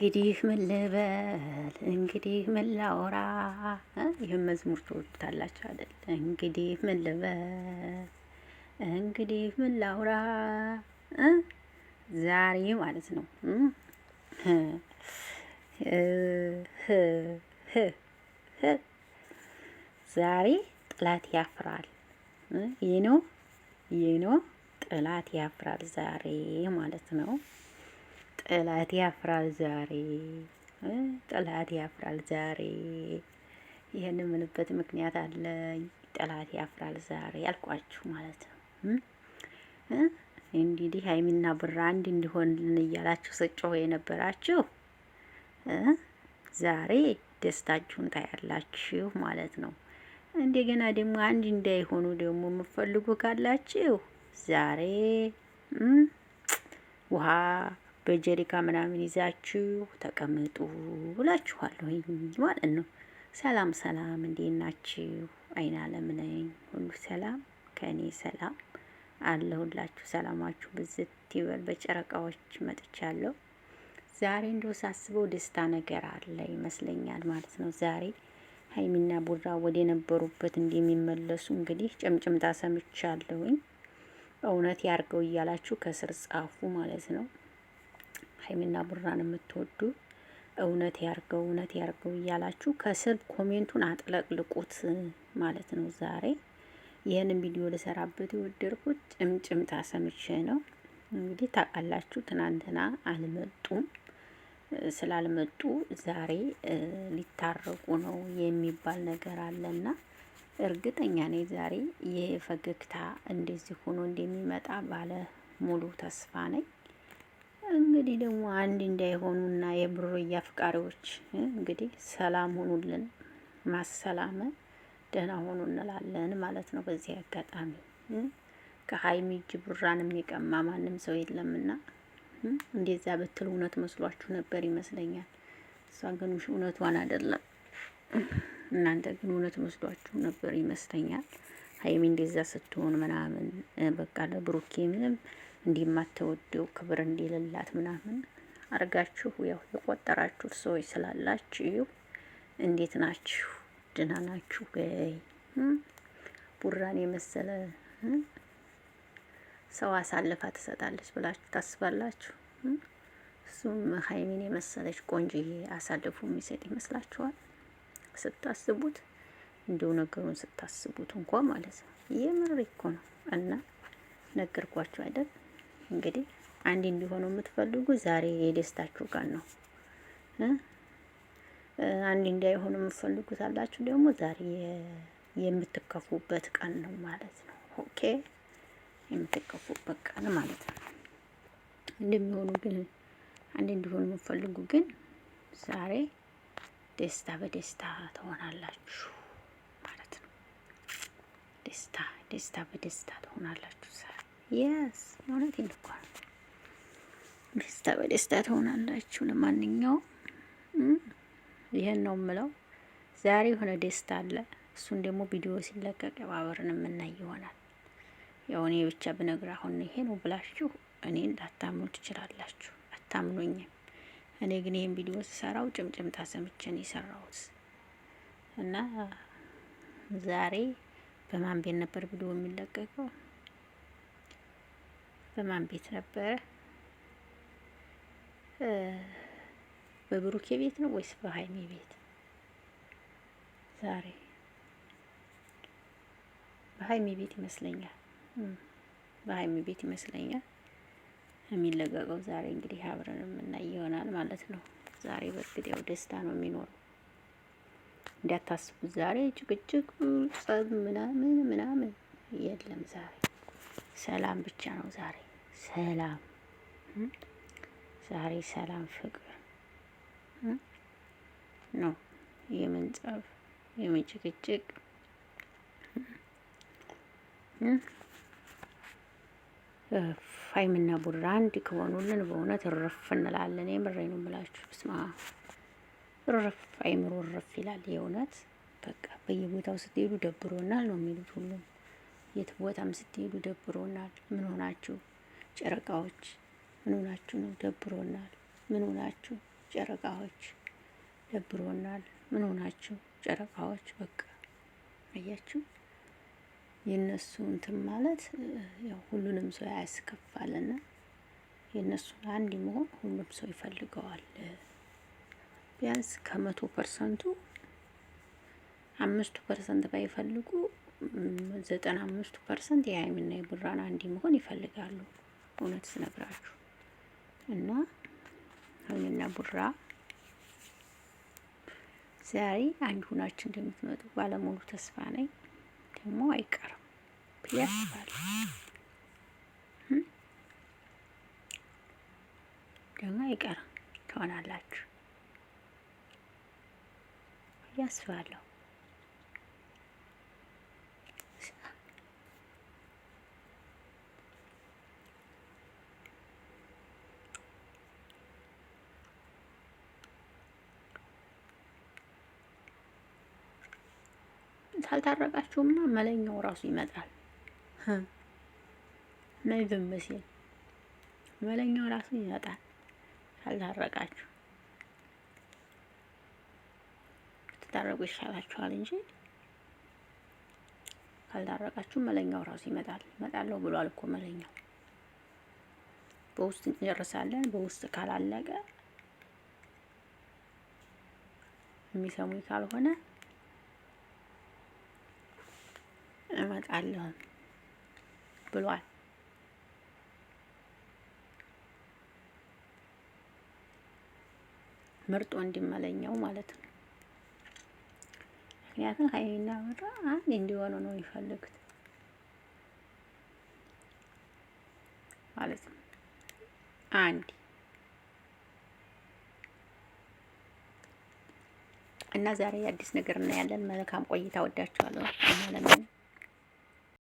እንግዲህ ምን ልበል፣ እንግዲህ ምን ላውራ። ይህም መዝሙር ትወዱታላችሁ አይደል? እንግዲህ ምን ልበል፣ እንግዲህ ምን ላውራ። ዛሬ ማለት ነው ዛሬ ጥላት ያፍራል። ይህ ነው ይህ ነው ጥላት ያፍራል ዛሬ ማለት ነው። ጠላት ያፍራል ዛሬ፣ ጠላት ያፍራል ዛሬ። ይህን ምንበት ምክንያት አለ። ጠላት ያፍራል ዛሬ ያልኳችሁ ማለት ነው። እንግዲህ ሀይሚና ብራ አንድ እንዲሆንልን እያላችሁ ስጮህ የነበራችሁ ዛሬ ደስታችሁን ታያላችሁ ማለት ነው። እንደገና ደግሞ አንድ እንዳይሆኑ ደግሞ የምትፈልጉ ካላችሁ ዛሬ ውሃ በጀሪካ ምናምን ይዛችሁ ተቀምጡ እላችኋለሁ ማለት ነው። ሰላም ሰላም፣ እንዴት ናችሁ? አይን አለም ነኝ። ሁሉ ሰላም ከእኔ ሰላም አለሁላችሁ። ሰላማችሁ ብዝት ይበል። በጨረቃዎች መጥቻለሁ። ዛሬ እንደው ሳስበው ደስታ ነገር አለ ይመስለኛል ማለት ነው። ዛሬ ሀይሚና ቡራ ወደ ነበሩበት እንደሚመለሱ እንግዲህ ጭምጭምታ ሰምቻለሁኝ። እውነት ያርገው እያላችሁ ከስር ጻፉ ማለት ነው። ሀይሚና ቡራን የምትወዱ እውነት ያርገው እውነት ያርገው እያላችሁ ከስር ኮሜንቱን አጥለቅልቁት ማለት ነው። ዛሬ ይህንን ቪዲዮ ልሰራበት የወደድኩት ጭምጭምታ ሰምቼ ነው። እንግዲህ ታውቃላችሁ፣ ትናንትና አልመጡም። ስላልመጡ ዛሬ ሊታረቁ ነው የሚባል ነገር አለና እርግጠኛ ነኝ ዛሬ ይህ ፈገግታ እንደዚህ ሆኖ እንደሚመጣ ባለ ሙሉ ተስፋ ነኝ። እንግዲህ ደግሞ አንድ እንዳይሆኑና የብሩያ አፍቃሪዎች እንግዲህ ሰላም ሆኑልን፣ ማሰላመ ደህና ሆኑ እንላለን ማለት ነው። በዚህ አጋጣሚ ከሀይሚ እጅ ብራን የሚቀማ ማንም ሰው የለምና እንደዛ ብትል እውነት መስሏችሁ ነበር ይመስለኛል። እሷ ግን እውነቷን አይደለም፣ እናንተ ግን እውነት መስሏችሁ ነበር ይመስለኛል። ሀይሚ እንደዛ ስትሆን ምናምን በቃ ለብሩኬ ምንም እንዲማትወደው ክብር እንዲልላት ምናምን አርጋችሁ ያው የቆጠራችሁት ሰዎች ስላላችሁ እንዴት ናችሁ? ደህና ናችሁ ወይ? ቡራን የመሰለ ሰው አሳልፋ ትሰጣለች ብላችሁ ታስባላችሁ? እሱም ሀይሚን የመሰለች ቆንጅዬ አሳልፎ የሚሰጥ ይመስላችኋል? ስታስቡት እንዲሁ ነገሩን ስታስቡት እንኳ ማለት ነው። የምር እኮ ነው እና ነገርኳችሁ አይደል? እንግዲህ አንድ እንዲሆኑ የምትፈልጉ ዛሬ የደስታችሁ ቀን ነው። አንድ እንዳይሆኑ የምትፈልጉት አላችሁ ደግሞ ዛሬ የምትከፉበት ቀን ነው ማለት ነው። ኦኬ የምትከፉበት ቀን ማለት ነው። እንደሚሆኑ ግን አንድ እንዲሆኑ የምትፈልጉ ግን ዛሬ ደስታ በደስታ ትሆናላችሁ ማለት ነው። ደስታ ደስታ በደስታ ትሆናላችሁ ዛሬ የስ እውነቴን እኮ ደስታ በደስታ ትሆናላችሁ። ለማንኛውም ይህን ነው የምለው። ዛሬ የሆነ ደስታ አለ። እሱን ደግሞ ቪዲዮ ሲለቀቅ ባበርን የምናይ ይሆናል። ያው እኔ ብቻ ብነግር አሁን ይሄ ነው ብላችሁ እኔ ላታምኑ ትችላላችሁ። አታምኑኝም። እኔ ግን ይህን ቪዲዮ ስሰራው ጭምጭምታ ሰምቼ ነው የሰራሁት እና ዛሬ በማን ቤት ነበር ቪዲዮ የሚለቀቀው? በማን ቤት ነበረ? በብሩኬ ቤት ነው ወይስ በሀይሚ ቤት? ዛሬ በሀይሚ ቤት ይመስለኛል። በሀይሚ ቤት ይመስለኛል የሚለቀቀው ዛሬ። እንግዲህ አብረን የምናይ ይሆናል ማለት ነው። ዛሬ በእርግጥ ያው ደስታ ነው የሚኖረው። እንዲያታስቡት ዛሬ ጭቅጭቅ፣ ጸብ ምናምን ምናምን የለም ዛሬ ሰላም ብቻ ነው ዛሬ። ሰላም ዛሬ ሰላም ፍቅር ነው። የመንጻፍ የመጭቅጭቅ ፋይምና ቡድራ አንድ ከሆኑልን በእውነት እርፍ እንላለን። የምሬ ነው ምላችሁ። ስማ እርፍ አይምሮ እርፍ ይላል። የእውነት በቃ በየቦታው ስትሄዱ ደብሮናል ነው የሚሉት ሁሉም። የት ቦታም ስትሄዱ ደብሮናል። ምን ሆናችሁ ጨረቃዎች ምን ሆናችሁ ነው? ደብሮናል። ምን ሆናችሁ ጨረቃዎች? ደብሮናል። ምን ሆናችሁ ጨረቃዎች? በቃ አያችሁ፣ የእነሱ እንትን ማለት ያው ሁሉንም ሰው ያስከፋልና የእነሱን አንድ መሆን ሁሉም ሰው ይፈልገዋል። ቢያንስ ከመቶ ፐርሰንቱ አምስቱ ፐርሰንት ባይፈልጉ ዘጠና አምስቱ ፐርሰንት የሀይሚና የቡራን አንድ መሆን ይፈልጋሉ። እውነት ስነግራችሁ እና ሀይሚና ቡራ ዛሬ አንድ ሁናችሁ እንደምትመጡ ባለሙሉ ተስፋ ነኝ። ደግሞ አይቀርም ብዬ አስባለሁ። ደግሞ አይቀርም ትሆናላችሁ ብዬ አስባለሁ። ካልታረቃችሁማ መለኛው ራሱ ይመጣል። ነይ ዝም ሲል መለኛው ራሱ ይመጣል ካልታረቃችሁ። ትታረቁ ይሻላችኋል እንጂ ካልታረቃችሁ መለኛው ራሱ ይመጣል። እመጣለሁ ብሏል እኮ መለኛው። በውስጥ እንጨርሳለን። በውስጥ ካላለቀ የሚሰሙኝ ካልሆነ እመጣለሁ ብሏል። ምርጦ እንዲመለኘው ማለት ነው። ምክንያቱም ሀይሚና ምራ አንድ እንዲሆኑ ነው የሚፈልጉት ማለት ነው። አንድ እና ዛሬ አዲስ ነገር እናያለን። መልካም ቆይታ። ወዳችኋለሁ። ለምን